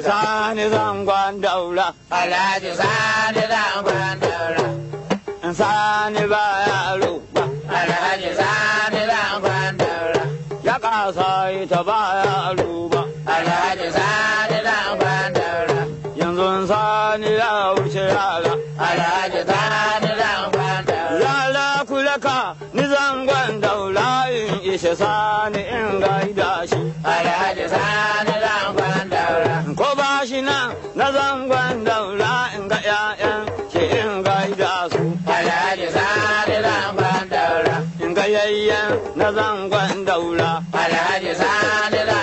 albarka sani zangon daura alhaji sani zangon daura sani ba yaro ba alhaji sani zangon daura ya kasa ita ba yaro ba alhaji sani zangon daura yanzu sani ya wuce yala. alhaji sani zangon daura Yala kula ka ni zangon daura in ishe sani in gaida shi alhaji sani gashi na na zangon daura in ga 'ya'yan ke in ga gaida su. Alhaji sare zangon daura. In ga yayyan na zangon daura. Alhaji sare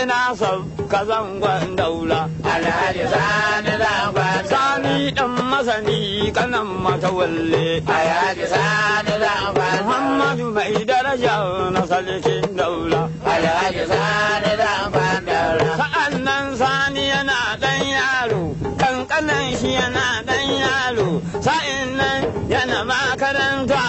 ina son ka zangon daula. Alhaji sani zangon sani dan masani kanan walle. Alhaji sani zangon Muhammadu mai daraja na salikin daula. Alhaji sani zangon daula. Sa'an nan sani yana dan yaro, kankanan shi yana dan yaro, sa'in nan yana makaranta.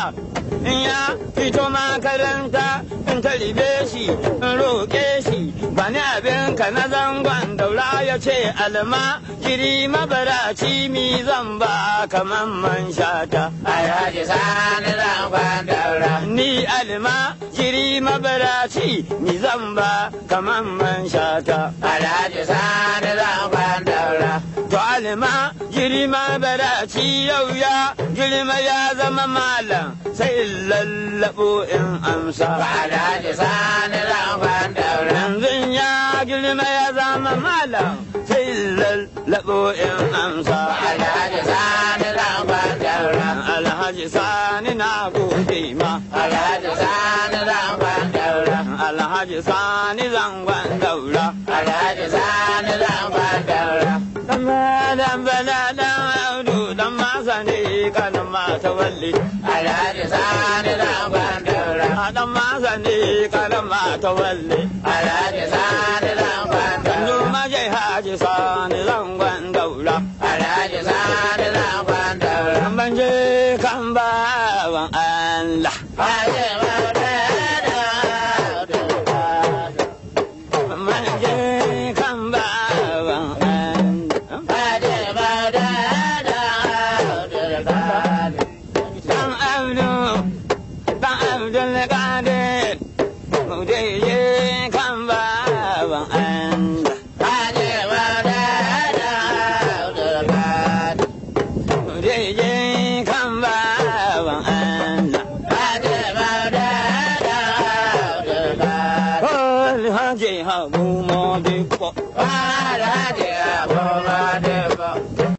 In ya fito makaranta, in talibe shi, in roƙe shi. bani abin ka na zangon daura ya ce alma kiri mabaraci mi zan ba kaman man shata ai haji sani zangon daura ni alma kiri mabaraci mi zan ba kaman man shata haji sani zangon daura to alma kiri mabaraci yau ya girma ya zama malam sai lallabo in amsa Ai haji sani zangon daura ma ya zama malam sai lallabo in amsa. Alhaji sani lambar daura. Alhaji sani na gode ma. Alhaji sani lambar daura. Alhaji sani zangon daura. Alhaji sani lambar daura. Malam bala dan audu dan masani kan mata walli. Alhaji sani lambar daura. Ah, dan masani kan mata walli. Alhaji sani lambar Alhaji Sani zangon daura. Alhaji Sani zangon daura. Ban je kan Allah. Hare Hare Hare Hare Hare Hare Hare Hare